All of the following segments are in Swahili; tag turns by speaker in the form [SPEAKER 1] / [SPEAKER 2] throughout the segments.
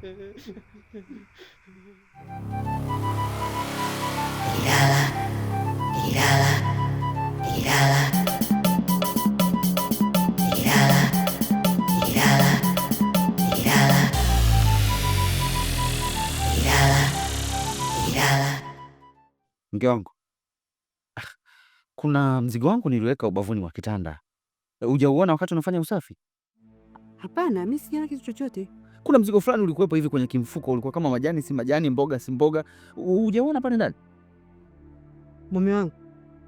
[SPEAKER 1] Tirada, tirada, tirada. Mke wangu, ah, kuna mzigo wangu niliweka ubavuni wa kitanda, hujauona wakati unafanya usafi?
[SPEAKER 2] Hapana, mi sijaona kitu chochote
[SPEAKER 1] kuna mzigo fulani ulikuwepo hivi kwenye kimfuko, ulikuwa kama majani si majani, mboga si mboga. Hujaona pale ndani?
[SPEAKER 2] Mume wangu,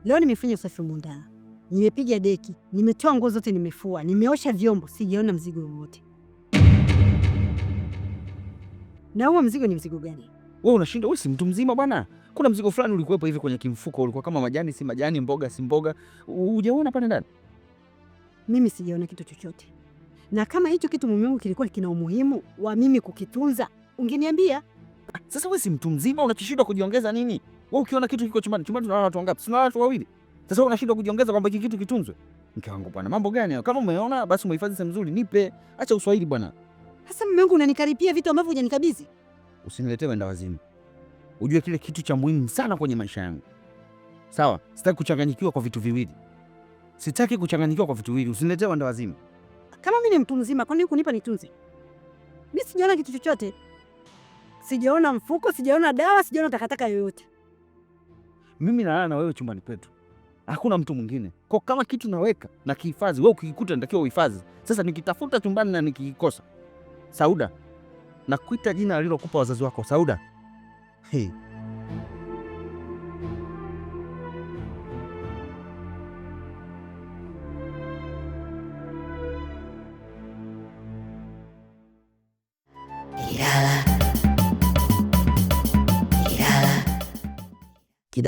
[SPEAKER 2] leo nimefanya usafi mundana, nimepiga deki, nimetoa nguo zote, nimefua, nimeosha vyombo, sijaona mzigo wowote. Na huo mzigo ni mzigo gani?
[SPEAKER 1] Wewe unashinda, wewe si mtu mzima bwana. Kuna mzigo fulani ulikuwepo hivi kwenye kimfuko, ulikuwa kama majani si majani, mboga si mboga. Hujaona pale ndani?
[SPEAKER 2] Mimi sijaona kitu chochote na kama hicho kitu mume wangu kilikuwa kina umuhimu wa mimi kukitunza ungeniambia.
[SPEAKER 1] Sasa wewe si mtu mzima, unachoshindwa kujiongeza nini? Wewe ukiona kitu kiko chumbani, chumbani tunalala watu wangapi? Tunalala watu wawili. Sasa wewe unashindwa kujiongeza kwamba hiki kitu kitunzwe? Mke wangu bwana, mambo gani hayo? Kama umeona basi umehifadhi sehemu nzuri, nipe. Acha uswahili bwana.
[SPEAKER 2] Sasa mume wangu unanikaripia vitu ambavyo hujanikabidhi.
[SPEAKER 1] Usiniletee wenda wazimu. Ujue kile kitu cha muhimu sana kwenye maisha yangu. Sawa, sitaki kuchanganyikiwa kwa vitu viwili. Sitaki kuchanganyikiwa kwa vitu viwili. Usiniletee wenda wazimu.
[SPEAKER 2] Kama mimi ni mtu mzima, kwani kunipa nitunze? Mimi sijaona kitu chochote, sijaona mfuko, sijaona dawa, sijaona takataka yoyote.
[SPEAKER 1] Mimi nalala na wewe chumbani petu, hakuna mtu mwingine. Kwa kama kitu naweka na kihifadhi, wewe ukikikuta natakiwa uhifadhi. Sasa nikitafuta chumbani na nikikosa, Sauda, nakuita jina alilokupa wazazi wako Sauda. Hey.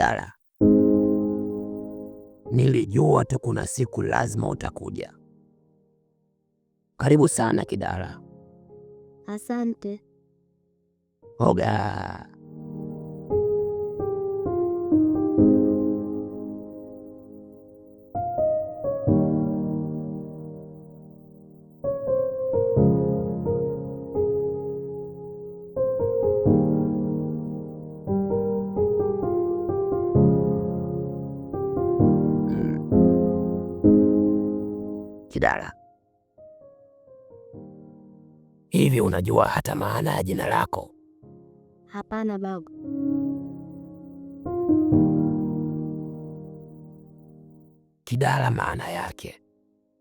[SPEAKER 3] madhara. nilijua tu kuna siku lazima utakuja. Karibu sana Kidara.
[SPEAKER 4] Asante.
[SPEAKER 3] Oga. Hivi unajua hata maana ya jina lako?
[SPEAKER 4] Hapana babu.
[SPEAKER 3] Kidala maana yake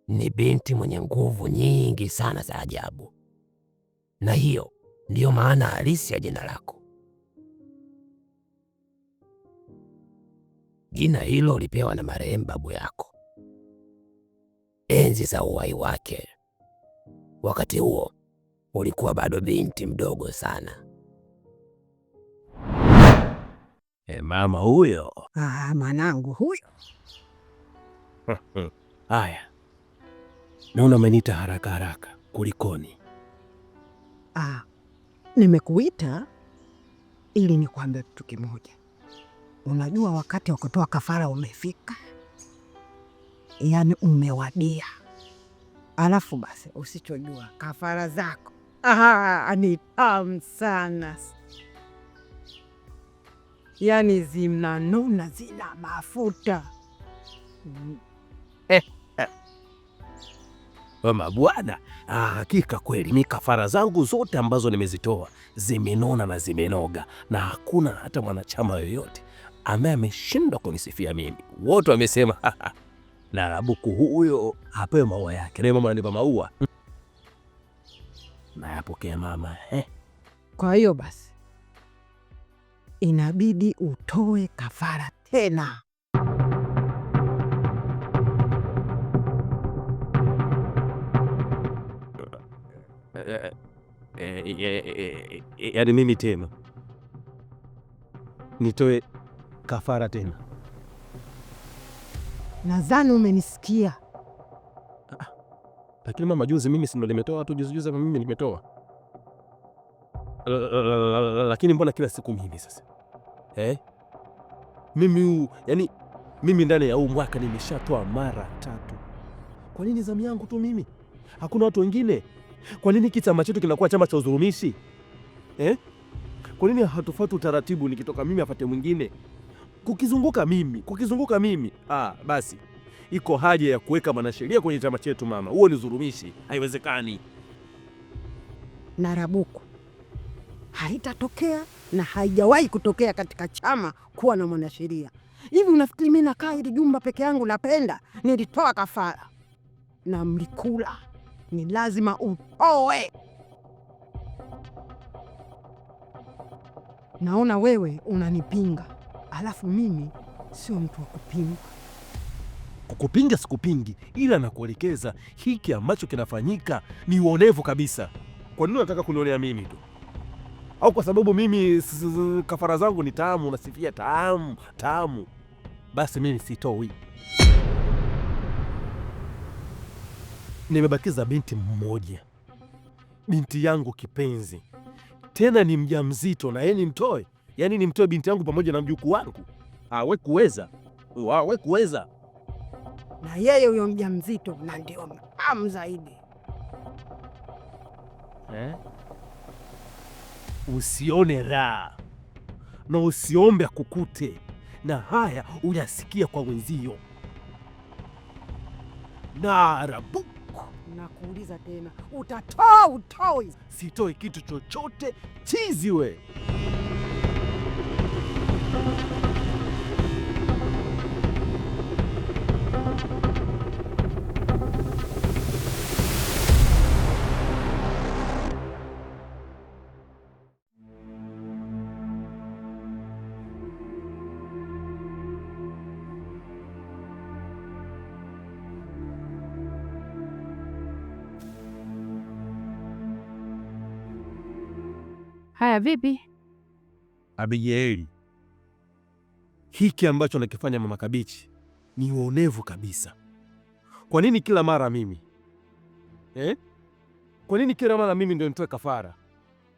[SPEAKER 3] ni binti mwenye nguvu nyingi sana za ajabu, na hiyo ndiyo maana halisi ya jina lako. Jina hilo ulipewa na marehemu babu yako enzi za uhai wake. Wakati huo ulikuwa bado binti mdogo sana.
[SPEAKER 5] E, mama huyo.
[SPEAKER 6] Ah, ah mwanangu huyo.
[SPEAKER 5] Aya, naona umeniita haraka haraka, kulikoni?
[SPEAKER 6] Ah, nimekuita ili nikwambie kitu kimoja. Unajua wakati wa kutoa kafara umefika, yaani umewadia. Alafu basi, usichojua kafara zako Aha, ni tamu sana, yaani zinanuna, zina mafuta
[SPEAKER 5] mabwana. Ah, hakika kweli mi kafara zangu zote ambazo nimezitoa zimenona na zimenoga, na hakuna hata mwanachama yoyote ambaye ameshindwa kunisifia mimi. Wote wamesema Narabuku huyo apewe maua yake, na mama ananipa maua nayapokea mama eh.
[SPEAKER 6] Kwa hiyo basi inabidi utoe kafara tena.
[SPEAKER 5] Yaani mimi tena nitoe kafara tena?
[SPEAKER 6] Nadhani umenisikia.
[SPEAKER 5] Lakini mama, juzi mimi si ndo nimetoa tu juzi juzi, mimi nimetoa. Lakini mbona kila siku mimi sasa eh? Mimi huu yani, mimi ndani ya huu mwaka nimeshatoa mara tatu. Kwa nini zamu yangu tu mimi? Hakuna watu wengine? Kwa nini chama chetu kinakuwa chama cha udhulumishi eh? Kwa nini hatufuati utaratibu? Nikitoka mimi apate mwingine, kukizunguka mimi, kukizunguka mimi. Ah, basi iko haja ya kuweka mwanasheria kwenye chama chetu mama. Huo ni dhulumishi, haiwezekani.
[SPEAKER 6] Narabuku haitatokea na haijawahi kutokea katika chama kuwa na mwanasheria. Hivi unafikiri mimi nakaa hili jumba peke yangu? Napenda nilitoa kafara na mlikula, ni lazima utoe. Naona wewe unanipinga, alafu mimi sio mtu wa kupinga.
[SPEAKER 5] Kukupinga sikupingi, ila nakuelekeza hiki ambacho kinafanyika ni uonevu kabisa. Kwa nini unataka kunionea mimi tu? Au kwa sababu mimi kafara zangu ni tamu, unasifia tamu tamu? Basi mimi sitoi. Nimebakiza binti mmoja, binti yangu kipenzi, tena ni mjamzito, na yeye nimtoe? Yaani nimtoe binti yangu pamoja na mjukuu wangu? Awe ah, kuweza, we kuweza
[SPEAKER 6] na yeye huyo mjamzito, na ndio mpamu zaidi
[SPEAKER 5] eh? Usione raha na usiombe akukute, na haya uyasikia kwa wenzio. Narabuku,
[SPEAKER 6] nakuuliza tena, utatoa utoi?
[SPEAKER 5] Sitoi kitu chochote chizi we
[SPEAKER 7] Haya, vipi
[SPEAKER 5] Abigaili? Hiki ambacho anakifanya mama Kabichi ni uonevu kabisa. Kwa nini kila mara mimi eh? Kwa nini kila mara mimi ndio nitoe kafara?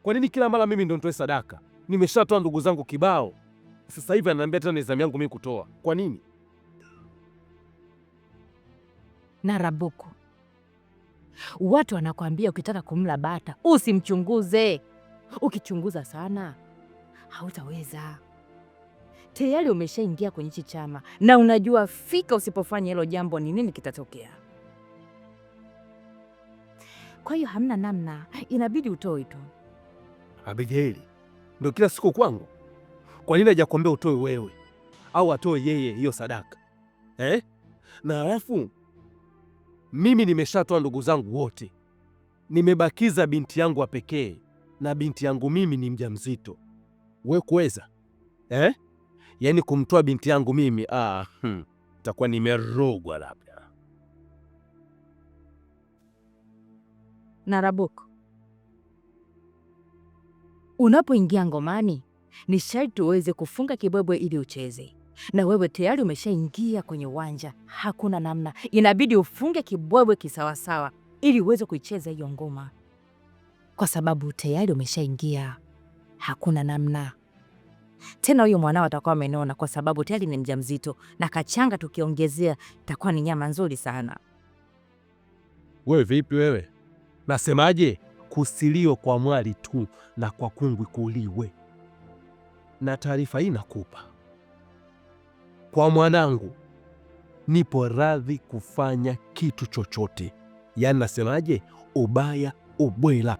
[SPEAKER 5] Kwa nini kila mara mimi ndio nitoe sadaka? Nimeshatoa ndugu zangu kibao, sasa hivi ananiambia tena ni zamu yangu mimi kutoa. Kwa nini?
[SPEAKER 7] Narabuku, watu wanakwambia ukitaka kumla bata usimchunguze ukichunguza sana hautaweza. Tayari umeshaingia kwenye hichi chama na unajua fika usipofanya hilo jambo ni nini kitatokea. Kwa hiyo hamna namna, inabidi utoe tu.
[SPEAKER 5] Abigaili, ndio kila siku kwangu. Kwa nini hajakuambia utoe wewe au atoe yeye hiyo sadaka eh? Na alafu mimi nimeshatoa ndugu zangu wote, nimebakiza binti yangu wa pekee na binti yangu mimi ni mjamzito, we kuweza eh? Yaani kumtoa binti yangu mimi ah, hmm, takuwa nimerogwa labda.
[SPEAKER 7] Narabuku, unapoingia ngomani ni sharti uweze kufunga kibwebwe ili ucheze, na wewe tayari umeshaingia kwenye uwanja. Hakuna namna, inabidi ufunge kibwebwe kisawasawa ili uweze kuicheza hiyo ngoma kwa sababu tayari umeshaingia, hakuna namna tena. Huyo mwanao atakuwa amenona, kwa sababu tayari ni mjamzito, na kachanga tukiongezea takuwa ni nyama nzuri sana.
[SPEAKER 5] Wewe vipi wewe, nasemaje? Kusilio kwa mwali tu na kwa kungwi kuliwe. Na taarifa hii nakupa kwa mwanangu, nipo radhi kufanya kitu chochote, yaani nasemaje, ubaya ubwela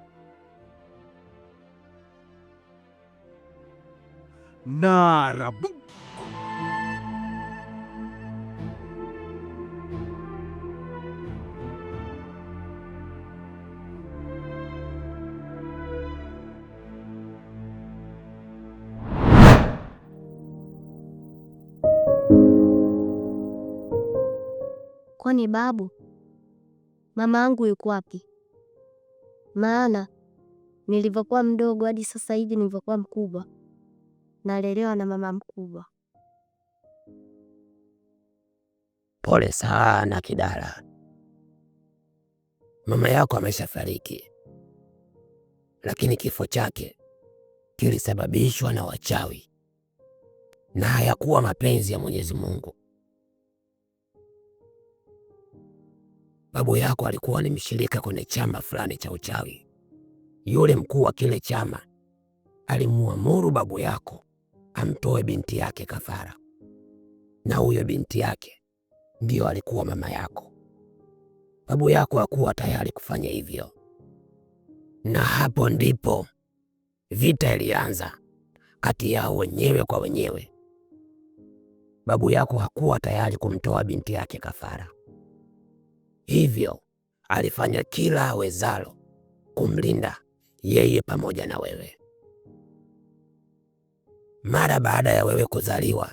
[SPEAKER 5] Narabu.
[SPEAKER 8] Kwani babu, mama yangu yuko wapi? Maana nilivyokuwa mdogo hadi sasa hivi nilivyokuwa mkubwa nalelewa na mama mkubwa.
[SPEAKER 3] Pole sana Kidara, mama yako ameshafariki, lakini kifo chake kilisababishwa na wachawi na hayakuwa mapenzi ya Mwenyezi Mungu. Babu yako alikuwa ni mshirika kwenye chama fulani cha uchawi. Yule mkuu wa kile chama alimuamuru babu yako amtoe binti yake kafara, na huyo binti yake ndiyo alikuwa mama yako. Babu yako hakuwa tayari kufanya hivyo, na hapo ndipo vita ilianza kati yao wenyewe kwa wenyewe. Babu yako hakuwa tayari kumtoa binti yake kafara, hivyo alifanya kila awezalo kumlinda yeye pamoja na wewe. Mara baada ya wewe kuzaliwa,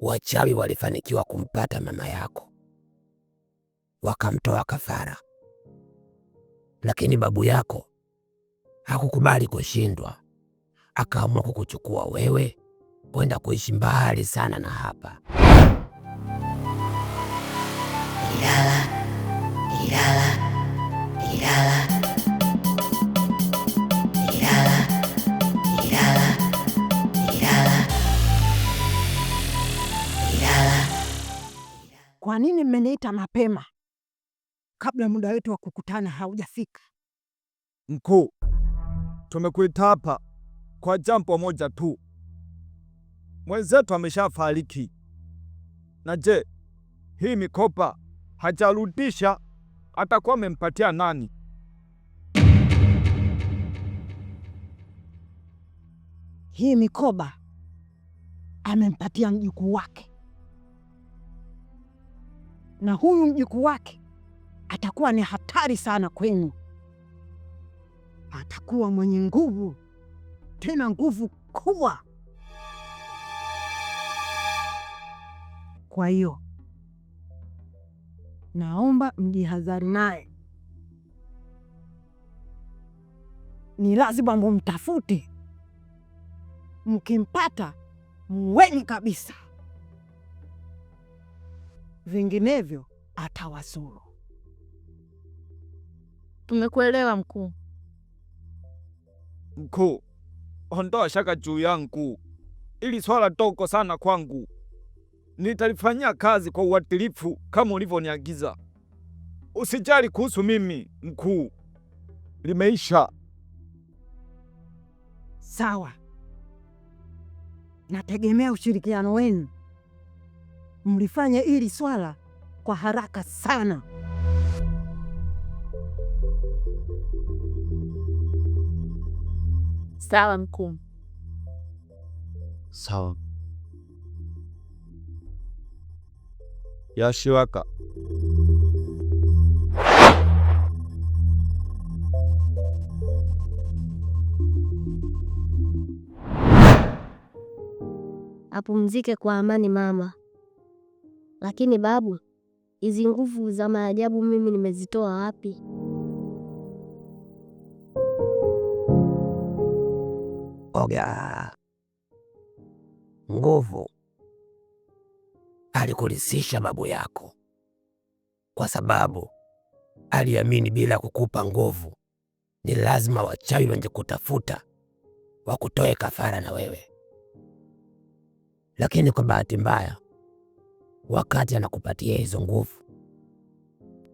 [SPEAKER 3] wachawi walifanikiwa kumpata mama yako, wakamtoa kafara, lakini babu yako hakukubali kushindwa, akaamua kukuchukua wewe kwenda kuishi mbali sana na hapa Ilala.
[SPEAKER 6] kwa nini mmeniita mapema kabla muda wetu wa kukutana haujafika?
[SPEAKER 9] Mkuu, tumekuita hapa kwa jambo moja tu, mwenzetu ameshafariki. Na je, hii mikopa hajarudisha, atakuwa amempatia nani?
[SPEAKER 6] Hii mikoba amempatia mjukuu wake na huyu mjukuu wake atakuwa ni hatari sana kwenu. Atakuwa mwenye nguvu, tena nguvu kubwa. Kwa hiyo naomba mjihadhari naye, ni lazima mumtafute, mkimpata muweni kabisa vinginevyo atawazuru.
[SPEAKER 8] Tumekuelewa mkuu.
[SPEAKER 9] Mkuu, ondoa shaka juu yangu, ili swala toko sana kwangu nitalifanyia kazi kwa uadilifu kama ulivyoniagiza. Usijali kuhusu mimi mkuu, limeisha.
[SPEAKER 6] Sawa, nategemea ushirikiano wenu mlifanya hili swala kwa haraka sana.
[SPEAKER 8] Sawa mkuu.
[SPEAKER 5] Sawa Yashiwaka.
[SPEAKER 8] Apumzike kwa amani mama. Lakini babu, hizi nguvu za maajabu mimi nimezitoa wapi?
[SPEAKER 3] Oga nguvu alikulisisha babu yako, kwa sababu aliamini bila kukupa nguvu ni lazima wachawi wenye kutafuta wakutoe kafara na wewe, lakini kwa bahati mbaya wakati anakupatia hizo nguvu.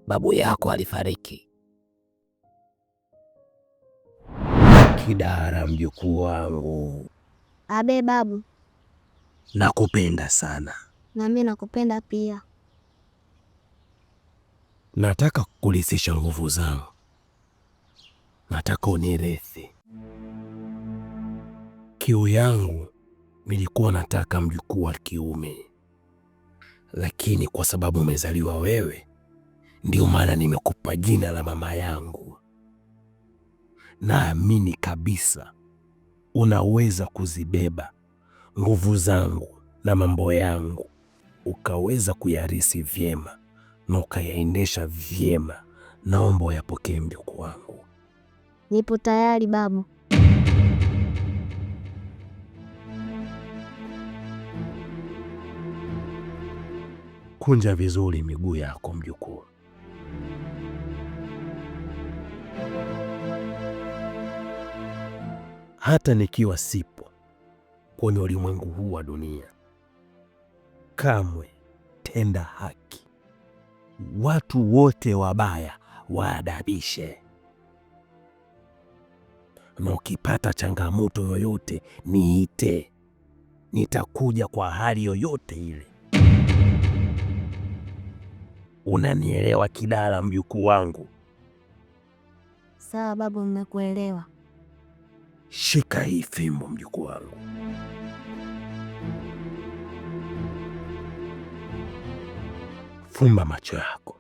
[SPEAKER 3] Babu yako alifariki.
[SPEAKER 5] Kidara, mjukuu wangu.
[SPEAKER 8] Abe babu,
[SPEAKER 5] nakupenda sana.
[SPEAKER 8] Nami nakupenda pia.
[SPEAKER 5] Nataka kukulisisha nguvu zao, nataka unirithi. Kiu yangu nilikuwa nataka mjukuu wa kiume lakini kwa sababu umezaliwa wewe, ndio maana nimekupa jina la mama yangu. Naamini kabisa unaweza kuzibeba nguvu zangu na mambo yangu, ukaweza kuyarisi vyema na ukayaendesha vyema. Naomba uyapokee mjukuu wangu.
[SPEAKER 8] Nipo tayari babu.
[SPEAKER 5] Kunja vizuri miguu yako mjukuu. Hata nikiwa sipo kwenye ulimwengu huu wa dunia, kamwe tenda haki, watu wote wabaya waadabishe, na ukipata changamoto yoyote niite, nitakuja kwa hali yoyote ile. Unanielewa Kidala, mjukuu wangu?
[SPEAKER 8] Sawa babu, nimekuelewa.
[SPEAKER 5] Shika hii fimbo mjukuu wangu. Fumba macho yako.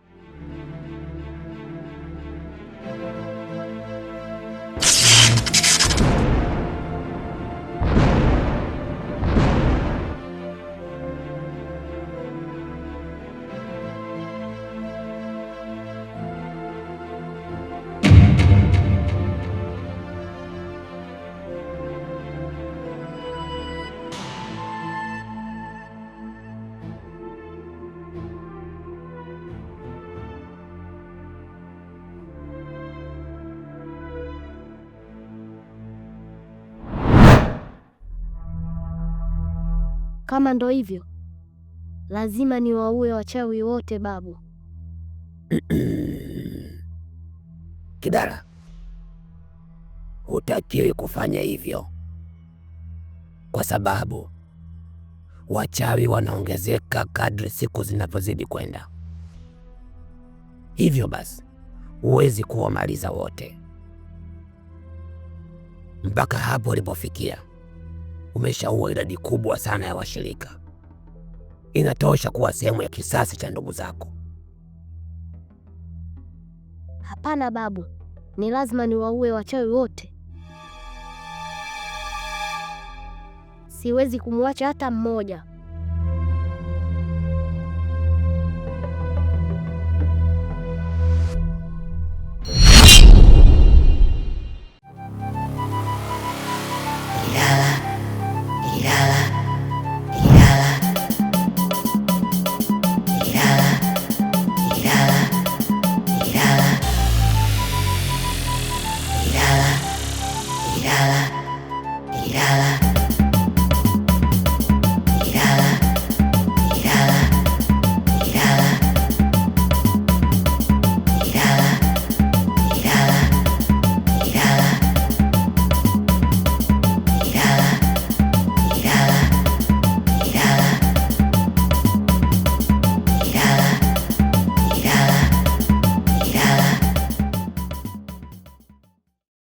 [SPEAKER 8] Kama ndo hivyo, lazima niwaue wachawi wote babu.
[SPEAKER 3] Kidara, hutakiwi kufanya hivyo, kwa sababu wachawi wanaongezeka kadri siku zinavyozidi kwenda. Hivyo basi huwezi kuwamaliza wote mpaka hapo ulipofikia umeshaua idadi kubwa sana ya washirika. Inatosha kuwa sehemu ya kisasi cha ndugu zako.
[SPEAKER 8] Hapana babu, ni lazima niwaue wachawi wote. Siwezi kumwacha hata mmoja.